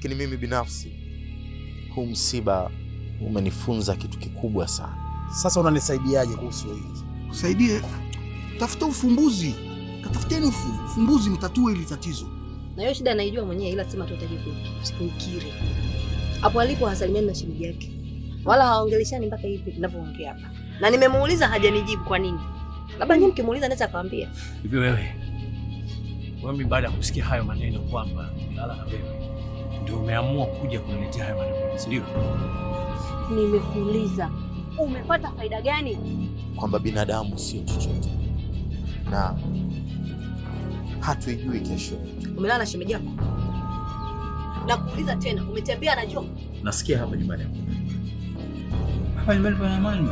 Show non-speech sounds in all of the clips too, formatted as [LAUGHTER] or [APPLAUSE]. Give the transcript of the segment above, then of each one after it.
Lakini mimi binafsi huu msiba umenifunza kitu kikubwa sana. Sasa unanisaidiaje kuhusu hili? Usaidie, tafuta ufumbuzi, katafuteni ufumbuzi, mtatue hili tatizo. Na hiyo shida naijua mwenyewe, ila sema tutaje kuikiri. Hapo alipo hasalimiani na shemeji yake, wala hawaongeleshani mpaka hivi ninavyoongea hapa, na nimemuuliza hajanijibu kwa nini. Labda nyinyi mkimuuliza naweza akawaambia. Hivi wewe, wami, baada ya kusikia hayo maneno kwamba lala na wewe ndio umeamua kuja kuniletea haya maneno, si ndio? Nimekuuliza umepata faida gani? Kwamba binadamu sio chochote na hatuijui kesho. Umelala shemeji yako? Nakuuliza tena, umetembea na Juma? Nasikia hapa nyumbani hapo. hapa nyumbani pana amani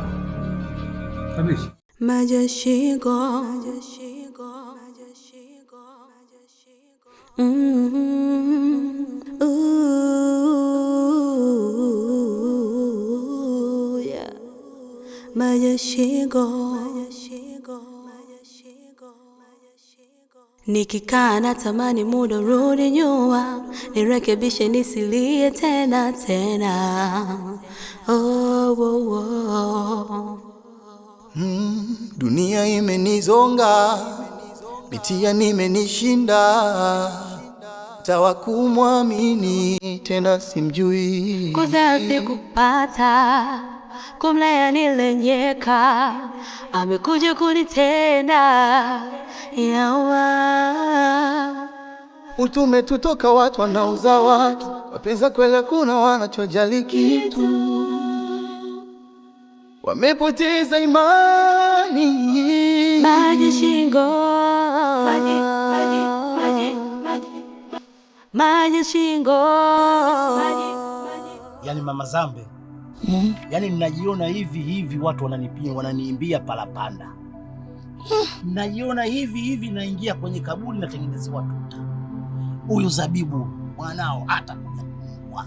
kabisa. Majashigo majashigo majashigo majashigo mm-hmm nikikaa na tamani muda rudi nyuma nirekebishe nisilie tena tena. Oh, oh, oh. Mm, dunia imenizonga, mitia nimenishinda hata wakumwamini tena simjui. Kudhambi kupata kumlayani nilenyeka, amekuja kunitenda yawa utume tutoka watu wanauza watu wapenza kwele, kuna wanachojali kitu wamepoteza imani maji shingo maji maji shingo. Yani mama Zambe, Mm. Yani ninajiona hivi hivi, watu wananipia wananiimbia palapanda, hmm. Najiona hivi hivi, naingia kwenye kaburi, natengenezewa tuta. Huyu Zabibu mwanao atakuja kuua,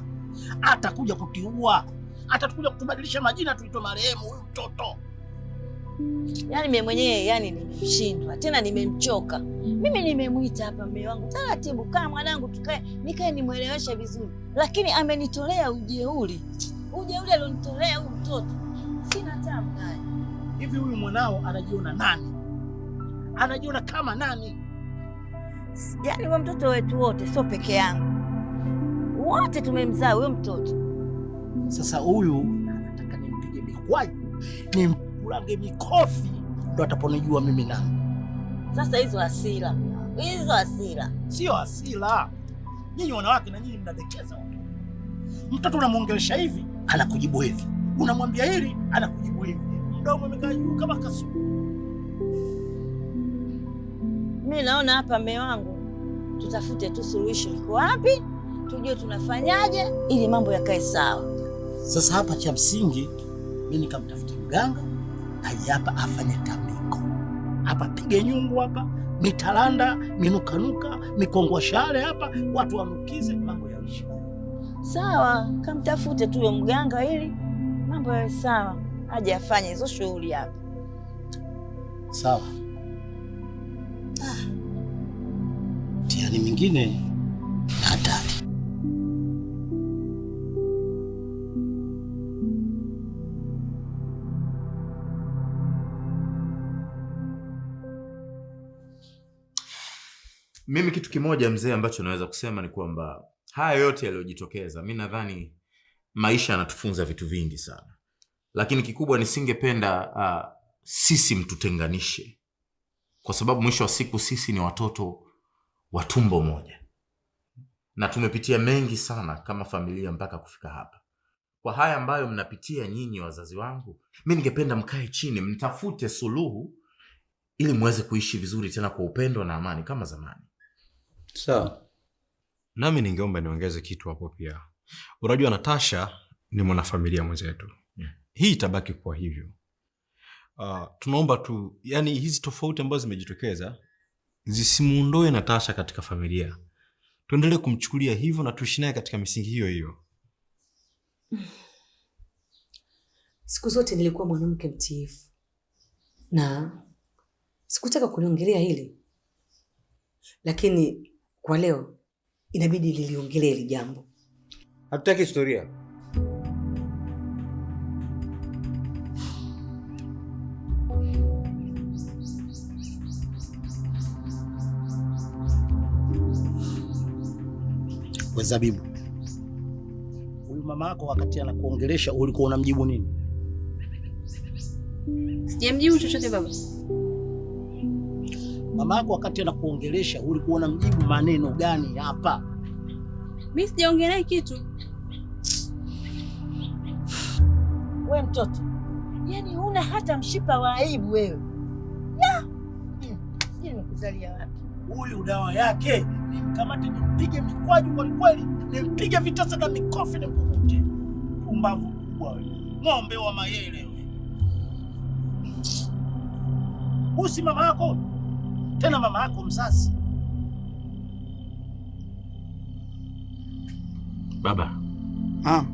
atakuja kutiua, atakuja kutubadilisha majina, tuitwe marehemu huyu mtoto Yaani mimi mwenyewe yani nimemshindwa tena, nimemchoka mimi. Nimemwita hapa mume wangu taratibu, kaa mwanangu, tukae nikae nimweleweshe vizuri, lakini amenitolea ujeuri, ujeuri alionitolea huyu mtoto, sina tabu naye. Hivi huyu mwanao anajiona nani? Anajiona kama nani? Yaani huyo mtoto wetu wote, sio peke yangu, wote tumemzaa huyo mtoto. Sasa huyu anataka nimpige mikwaju, nimpige nikurage mikofi, ndo ataponijua mimi nani. Sasa hizo hasira, hizo hasira sio hasira. Nyinyi wanawake na nyinyi mnadekeza watu. Mtoto unamwongelesha hivi, anakujibu hivi, unamwambia hili, anakujibu hivi, mdomo umekaa juu kama kasuku. Mi naona hapa, mme wangu, tutafute tu suluhisho iko wapi, tujue tunafanyaje ili mambo yakae sawa. Sasa hapa cha msingi mi nikamtafuta mganga aje hapa afanye tambiko hapa, pige nyungu hapa, mitalanda, minukanuka, shale hapa, watu wanukize, mambo yaishi sawa. Kamtafute tuwe mganga ili mambo yawe sawa, aje afanye hizo shughuli hapa, sawa. Ah, tiani mingine na hatari Mimi kitu kimoja mzee, ambacho naweza kusema ni kwamba haya yote yaliyojitokeza, mi nadhani maisha yanatufunza vitu vingi sana, lakini kikubwa nisingependa uh, sisi mtutenganishe, kwa sababu mwisho wa siku sisi ni watoto wa tumbo moja na tumepitia mengi sana kama familia mpaka kufika hapa. Kwa haya ambayo mnapitia nyinyi wazazi wangu, mi ningependa mkae chini, mtafute suluhu ili mweze kuishi vizuri tena kwa upendo na amani kama zamani. Sawa. Nami ningeomba niongeze kitu hapo pia. Unajua Natasha ni mwanafamilia mwenzetu. Yeah. Hii itabaki kuwa hivyo. Uh, tunaomba tu, yani hizi tofauti ambazo zimejitokeza zisimuondoe Natasha katika familia. Tuendelee kumchukulia hivyo na tuishi naye katika misingi hiyo hiyo. Siku zote nilikuwa mwanamke mtiifu na sikutaka kuliongelea hili, lakini kwa leo inabidi liliongelea hili jambo. Hatutaki historia. Zabibu, huyu mama yako wakati anakuongelesha ulikuwa unamjibu nini? Sijamjibu chochote baba. Mamako wakati anakuongelesha ulikuwa na mjibu maneno gani hapa? Mimi sijaongelea kitu. We mtoto, yani huna hata mshipa wa aibu wewe. Hmm, nimekuzalia wapi? Huyu dawa yake nimkamate, nimpige mikwaju kwelikweli, nimpige vitasa na mikofi, nimpurute. umbavu kubwa wewe, ng'ombe wa mayele Usi mama yako tena mama yako mzazi. Baba naam,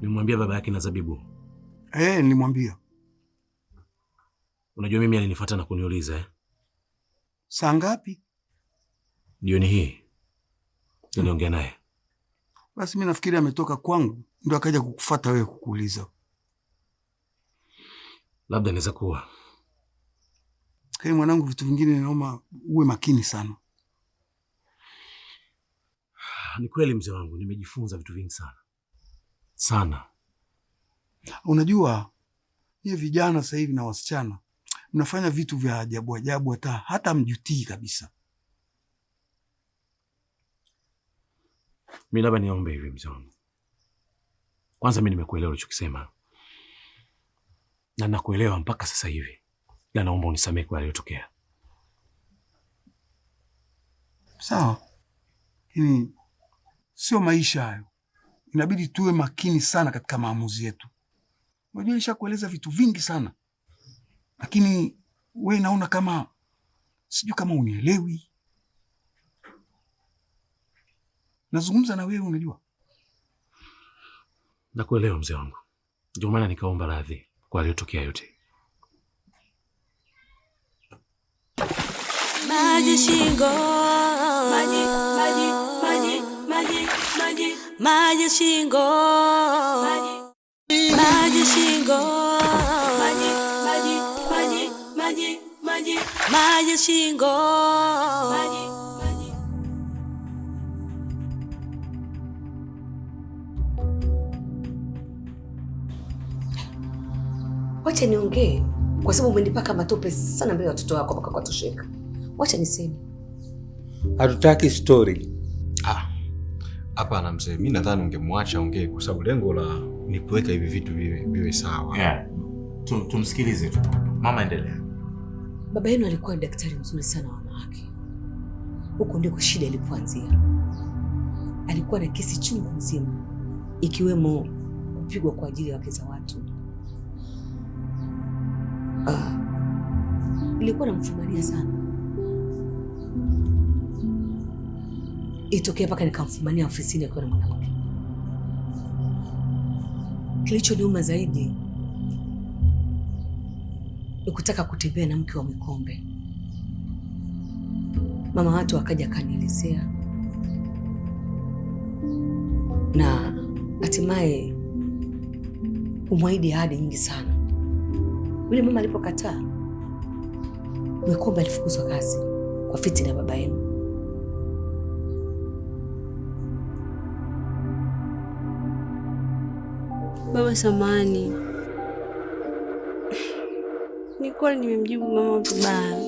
nilimwambia baba yake na Zabibu. Eh, nilimwambia. Unajua mimi alinifuata na kuniuliza eh? Saa ngapi? Jioni hii niliongea naye. Basi mi nafikiri ametoka kwangu ndo akaja kukufuata wewe kukuuliza. Labda inaweza kuwa Kani mwanangu, vitu vingine naomba uwe makini sana. Ni kweli mzee wangu, nimejifunza vitu vingi sana sana. Unajua nyie vijana sasa hivi na wasichana mnafanya vitu vya ajabu ajabu, hata hata mjutii kabisa. Mi labda niombe hivi mzee wangu, kwanza mi nimekuelewa ulichokisema na nakuelewa mpaka sasa hivi na naomba unisamehe kwa yaliyotokea. Sawa, lakini sio maisha hayo. Inabidi tuwe makini sana katika maamuzi yetu. Unajua, nishakueleza vitu vingi sana, lakini we naona kama sijui kama unielewi. Nazungumza na wewe, unajua nakuelewa mzee wangu, ndio maana nikaomba radhi kwa aliyotokea yote. maji shingo, maji maji maji maji maji maji shingo, maji shingo, maji maji maji maji maji maji shingo, Wacha niongee kwa sababu umenipaka matope sana mbele ya watoto wako mpaka kwatosheka. Wacha niseme hatutaki Ah, Hapana mzee, mi nadhani ungemwacha ongee kwa sababu lengo la ni kuweka hivi vitu viwe sawa. Yeah. Tumsikilize tu mama, endelea. Baba yenu alikuwa ni daktari mzuri sana wa wanawake, huko ndiko shida ilipoanzia. Alikuwa na kesi chungu nzima, ikiwemo kupigwa kwa ajili ya wake za watu. Uh, ah, ilikuwa namfumania sana itokea mpaka nikamfumania ofisini akiwa na mwanamke. Kilichoniuma zaidi ni kutaka kutembea na mke wa Mwikombe. Mama watu akaja akanielezea, na hatimaye kumwahidi ahadi nyingi sana. Yule mama alipokataa, Mwikombe alifukuzwa kazi kwa fitina ya baba yenu. Baba samani, ni kweli nimemjibu mama vibaya.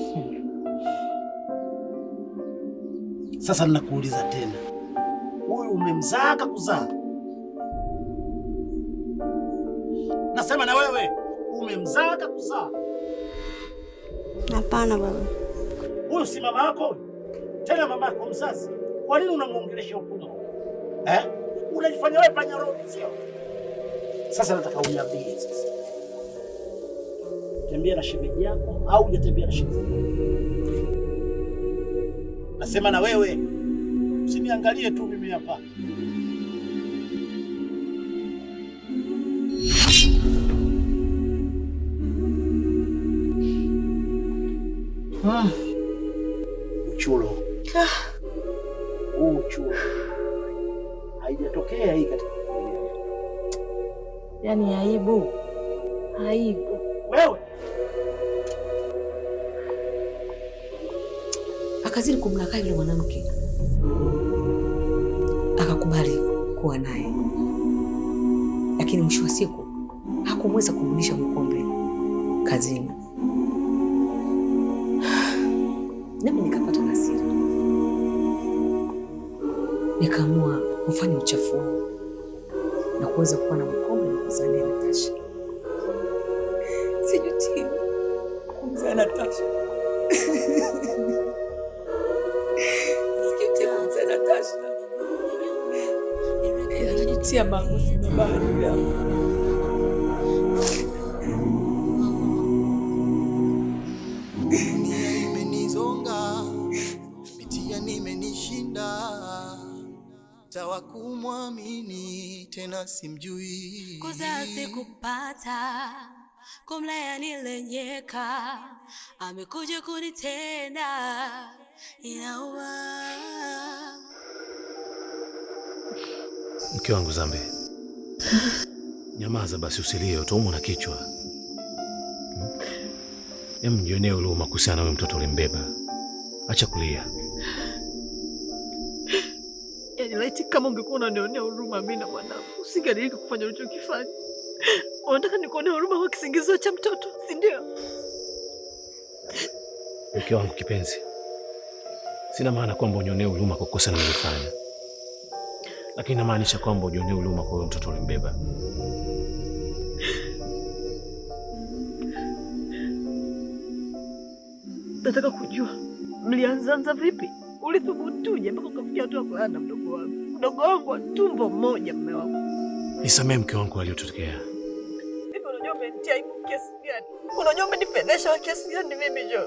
Sasa ninakuuliza tena, huyu umemzaa kuzaa? Nasema na wewe umemzaa kuzaa? Hapana baba, huyu si mama yako tena, mama yako mzazi. Kwa nini unamwongelesha utumwa eh? Unajifanya wewe panya roho, sio? Sasa nataka uniambie sasa, tembea na shemeji yako au hujatembea na shemeji? Nasema na wewe, usiniangalie tu mimi hapa. Ah. Yaani aibu, aibu wewe. Akazidi kumlaka yule mwanamke, akakubali kuwa naye, lakini mwisho wa siku hakumweza kumrudisha Mkombe kazini. Nami nikapata hasira, nikaamua kufanya uchafu na kuweza kuwa na kupitia maamuzi mabaya juu yangu. Dunia tawa kumwamini tena simjui, kuzazi kupata kumlea nilenyeka, amekuja kunitenda inauma Mke wangu Zambe, nyamaza basi, usilie, utaumwa na kichwa. Hem, jionee huruma kuhusiana na mtoto ulimbeba. Acha kulia. Yaani laiti kama ungekuwa unanionea huruma mimi na mwanangu, usingediriki kufanya ulichokifanya. Unataka nikuone huruma kwa kisingizio cha mtoto, si ndio? Mke wangu kipenzi, sina maana kwamba unionee huruma kwa kosa nilifanya lakini namaanisha kwamba ujione huruma kwa huyo mtoto ulimbeba. Nataka kujua mlianzaanza vipi, ulithubutuje mpaka ukafikia hatua kulala na mdogo wangu, mdogo wangu wa tumbo moja? Mme wangu, nisamee mke wangu aliyotokea. Unajua umenitia aibu kiasi gani? Unajua umenipendesha wa kiasi gani mimi Jo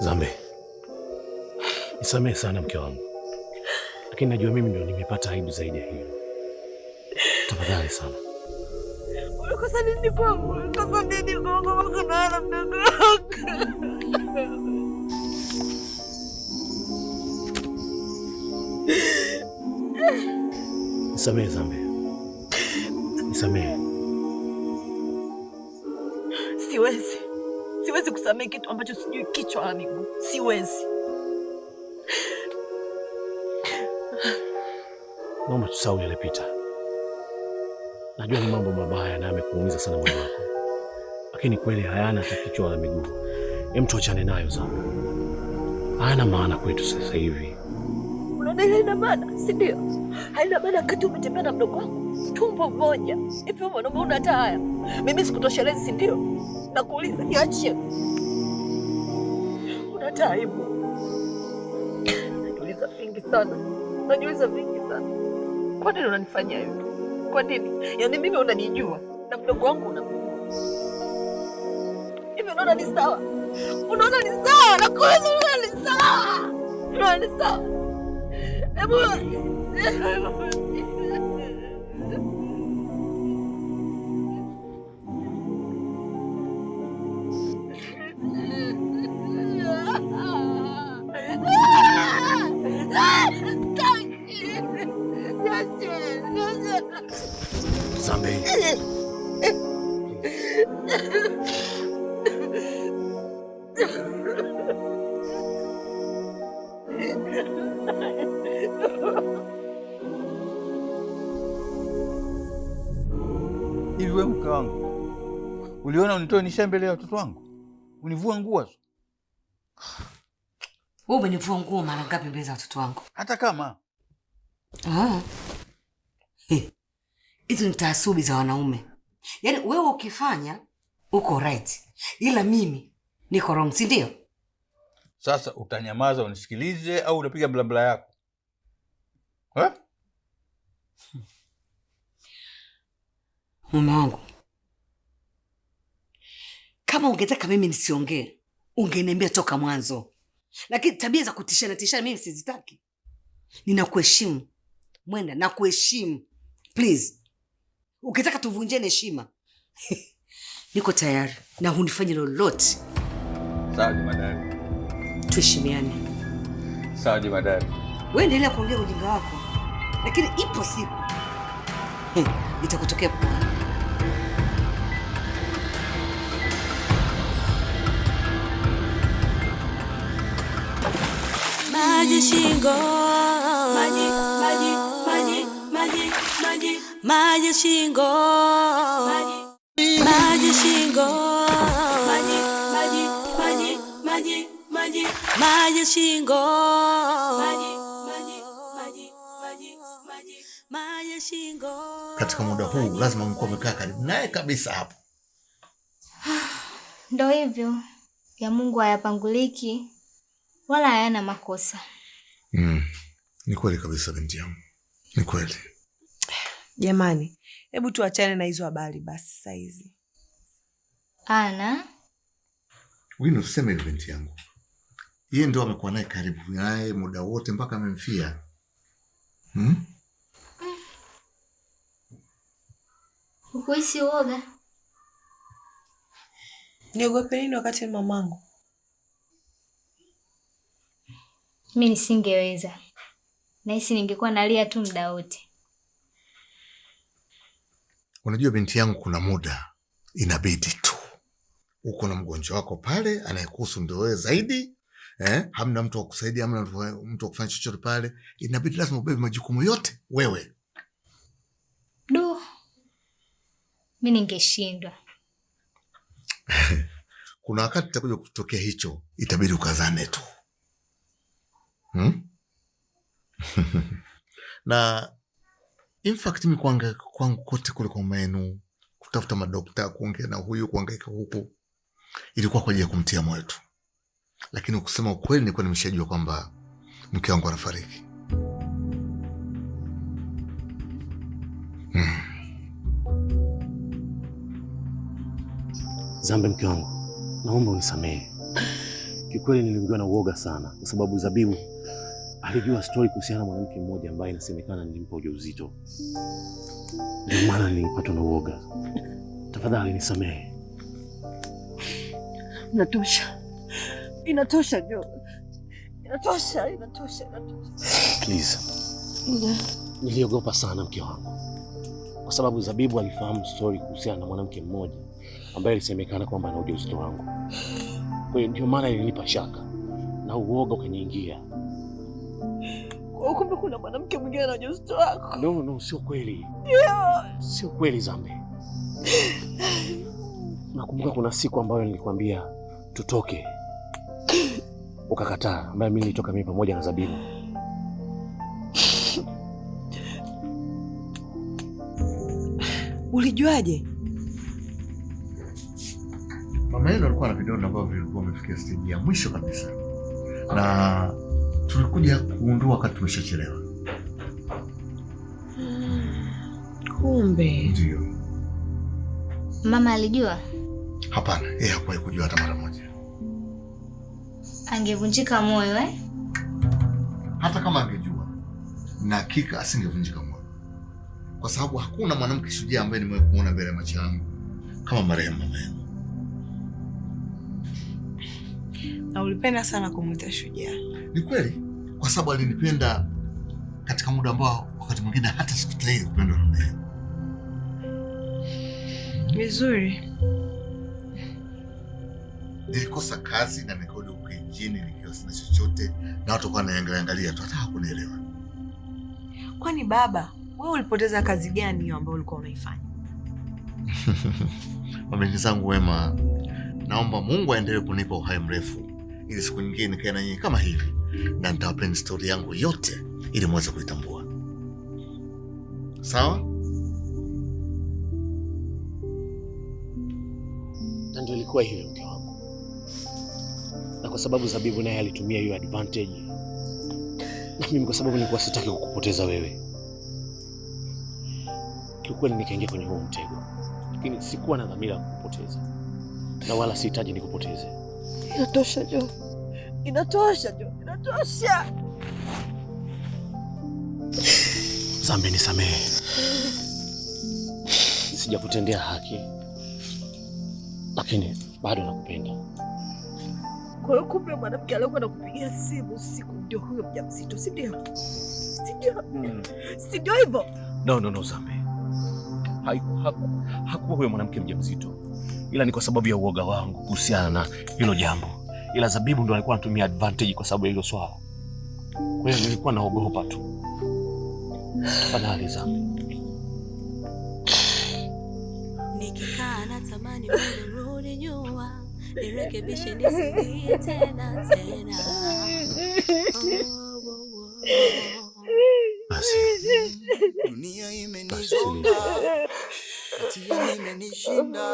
Zambe, nisamee sana mke wangu lakini najua mimi ndio nimepata aibu zaidi ya hiyo. Tafadhali sana nini nini nisamehe Zambe, nisamehe. Siwezi, siwezi kusamehe kitu ambacho sijui kichwa na miguu, siwezi. naomba tusahau yalipita. Najua ni mambo mabaya na yamekuumiza sana moyo wako, lakini kweli hayana hata kichwa wala miguu. Hem, tuachane nayo sana, hayana maana kwetu sasa hivi. Unadai haina maana, si ndio? Haina maana wakati umetembea na mdogo wako tumbo moja. Hivi mwanaume una hata haya? Mimi sikutoshelezi, si ndio? Nakuuliza, niachie. Una hata Najiuliza vingi sana, najiuliza vingi kwa nini unanifanya hivi? Kwa nini? Yaani mimi unanijua na mdogo wangu unamjua. Hivi unaona ni sawa? Unaona ni sawa? Na kwa nini unaona ni sawa? Unaona ni sawa? Hebu Hivi we mke wangu, uliona unitoe nisha mbele ya watoto wangu, univua nguo tu. Wewe umenivua nguo mara ngapi mbele za watoto wangu? Hata kama ah. hizo ni taasubi za wanaume, yaani wewe ukifanya uko right, ila mimi niko wrong, si ndio? Sasa utanyamaza unisikilize au utapiga blabla yako eh? Mume wangu, kama ungetaka mimi nisiongee ungeniambia toka mwanzo, lakini tabia za kutishana tishana mimi sizitaki. Ninakuheshimu Mwenda, nakuheshimu please. Ukitaka tuvunjie heshima [LAUGHS] niko tayari na hunifanye lolote. Sawa madam tuheshimiane. Sawa jemadari, wewe endelea kuongea ujinga wako, lakini ipo siku itakutokea. Maji shingo, maji, maji, maji, maji, maji, maji shingo, maji shingo maji shingo, Katika muda huu lazima mkuwa umekaa karibu naye kabisa hapo. [SIGHS] Ndo hivyo ya Mungu hayapanguliki wala hayana makosa. Mm, ni kweli kabisa binti yangu, ni kweli jamani. Hebu tuachane na hizo habari basi. hizi ana wino, tuseme hivyo binti yangu yeye ndo amekuwa naye karibu naye muda wote mpaka amemfia. Hmm? Ukuhisi woga? Niogope nini wakati mamangu? Mi nisingeweza, nahisi ningekuwa nalia tu muda wote. Unajua binti yangu, kuna muda inabidi tu uko na mgonjwa wako pale anayekuhusu ndio wewe zaidi eh, hamna mtu wakusaidia, hamna mtu wa kufanya chochote pale, inabidi lazima ubebe majukumu yote wewe. Du, mi ningeshindwa. [LAUGHS] Kuna wakati itakuja kutokea hicho, itabidi ukazane tu hmm? [LAUGHS] na in fact mi kuangaika kwangu kote kule kwa menu, kutafuta madokta, kuongea na huyu, kuangaika huku, ilikuwa kwa ajili ya kumtia moyo tu lakini kusema ukweli, nilikuwa nimeshajua kwamba mke wangu anafariki. Hmm. Zambe, mke wangu, naomba unisamehe. Kikweli nilimjua na uoga sana, kwa sababu Zabibu alijua stori kuhusiana na mwanamke mmoja ambaye inasemekana nilimpa ujauzito, ndio maana nilipatwa na uoga. Tafadhali nisamehe. Natosha. Inatosha Jo, inatosha, inatosha, inatosha. Please. Niliogopa sana mke wangu, kwa sababu Zabibu alifahamu stori kuhusiana na mwanamke mmoja ambaye alisemekana kwamba ana ujauzito wangu. Kwa hiyo ndio maana ilinipa shaka na uoga ukaniingia. Kumbe kuna mwanamke mwingine ana ujauzito wako? No, no, sio kweli, sio kweli Zambe. Nakumbuka kuna siku ambayo nilikwambia tutoke ukakataa, ambaye mimi nilitoka mimi pamoja na Zabina. Ulijuaje? Mama yenu alikuwa na vidonda ambavyo vilikuwa vimefikia stage ya mwisho kabisa, na tulikuja kuundua wakati tumeshachelewa. Kumbe ndio mama alijua? Hapana, yeye hakuwahi kujua hata mara moja. Angevunjika moyo eh? Hata kama angejua, na hakika asingevunjika moyo, kwa sababu hakuna mwanamke shujaa ambaye nimewahi kuona mbele ya macho yangu kama marehemu mama yangu. Na ulipenda sana kumwita shujaa. Ni kweli, kwa sababu alinipenda katika muda ambao wakati mwingine hata sikutahili kupendwa na Vizuri nilikosa kazi na nikarudi huko kijijini nikiwa sina chochote, na watu kwa naangalia tu hata hakunielewa. Kwani baba, wewe ulipoteza kazi gani hiyo ambayo ulikuwa unaifanya? Mabinti [LAUGHS] zangu wema, naomba Mungu aendelee kunipa uhai mrefu, ili siku nyingine nikae na nyinyi kama hivi, na nitawapeni stori yangu yote ili muweze kuitambua. Sawa? ndio ilikuwa hivyo mke wangu na kwa sababu Zabibu naye alitumia hiyo advantage, na mimi kwa sababu nilikuwa sitaki kukupoteza wewe, kiukweli nikaingia kwenye huo mtego, lakini sikuwa na dhamira ya kukupoteza na wala sihitaji nikupoteze. Inatosha Jo, inatosha Jo, inatosha. Zambi, nisamehe, sijakutendea haki, lakini bado nakupenda. Kwa hiyo kumbe mwanamke aliokuwa nakupigia simu usiku ndio huyo mjamzito, si ndio? Si ndio? Hmm. Si hivyo? No, no, no, Zame. hakuwa huyo mwanamke mjamzito, ila ni kwa sababu ya uoga wangu kuhusiana na hilo jambo, ila Zabibu ndo alikuwa anatumia advantage kwa sababu ya hilo swala. Kwa hiyo nilikuwa naogopa tu. Tafadhali Same. Nikikaa natamani nirekebishe nisikie tena tena. Oh, oh, oh. Dunia imenizonga, hatia imenishinda,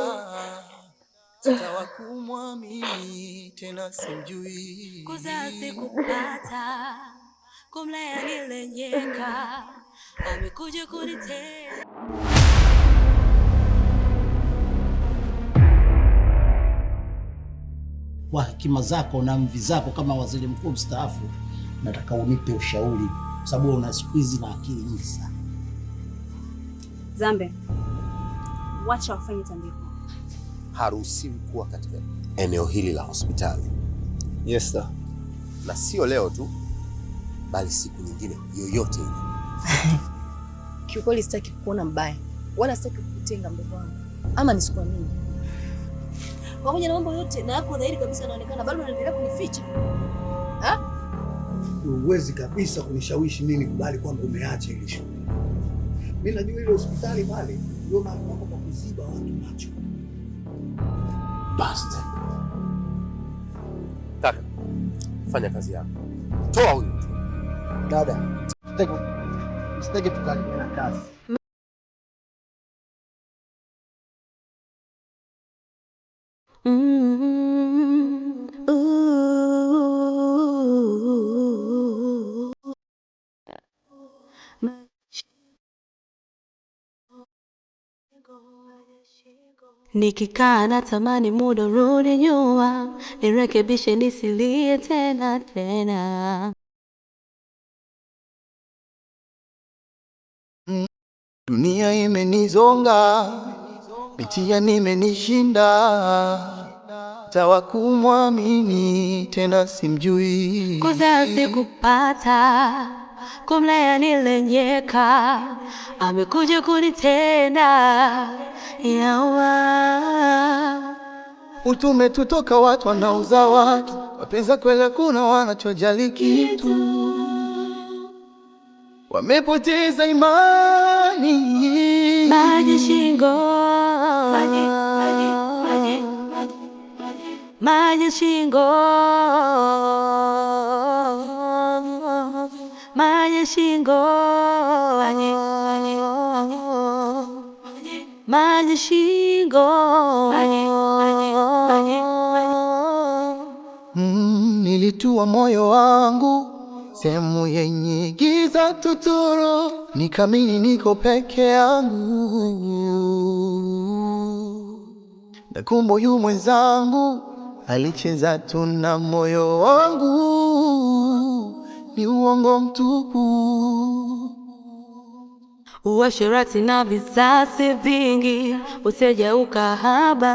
sitawa kumwamini tena, simjui kuzazi kupata kumlea nilenyeka, amekuja kunitea kwa hekima zako na mvi zako kama waziri mkuu mstaafu, nataka unipe ushauri, kwa sababu una siku hizi na akili nyingi sana. Zambe, wacha wafanye tambiko. Haruhusiwi kuwa katika eneo hili la hospitali. Yes sir. Na sio leo tu, bali siku nyingine yoyote ile. [LAUGHS] Kiukweli sitaki kuona mbaya, wala sitaki kukutenga mdogo wangu, ama nisikuamini pamoja na mambo yote, na yako dhahiri kabisa anaonekana bado anaendelea kunificha. Uwezi kabisa kunishawishi mimi kubali kwamba umeacha ile shule. Mimi najua ile hospitali pale ndio mahali pako pa kuziba watu macho. Basta. Taka. Fanya kazi yako. Toa huyu. Dada. Msitake tukalime kazi. Nikikaa tamani muda rudi nyuma, nirekebishe nisilie tena tena. Dunia imenizonga, mitia nimenishinda tawakumwamini kumwamini tena simjui, kuzazi kupata kumla yanilenyeka, amekuja kunitenda yawa utume tutoka watu wanauza watu wapenza kwela, kuna wanachojali kitu, wamepoteza imani maji shingo, maji, maji, maji, maji, maji shingo shingo maji shingo mm, nilitua moyo wangu sehemu yenye giza tuturu, nikamini niko peke yangu, na kumbo yu mwenzangu alicheza tu na moyo wangu ni uongo mtupu. Uasherati na visasi vingi, usije ukahaba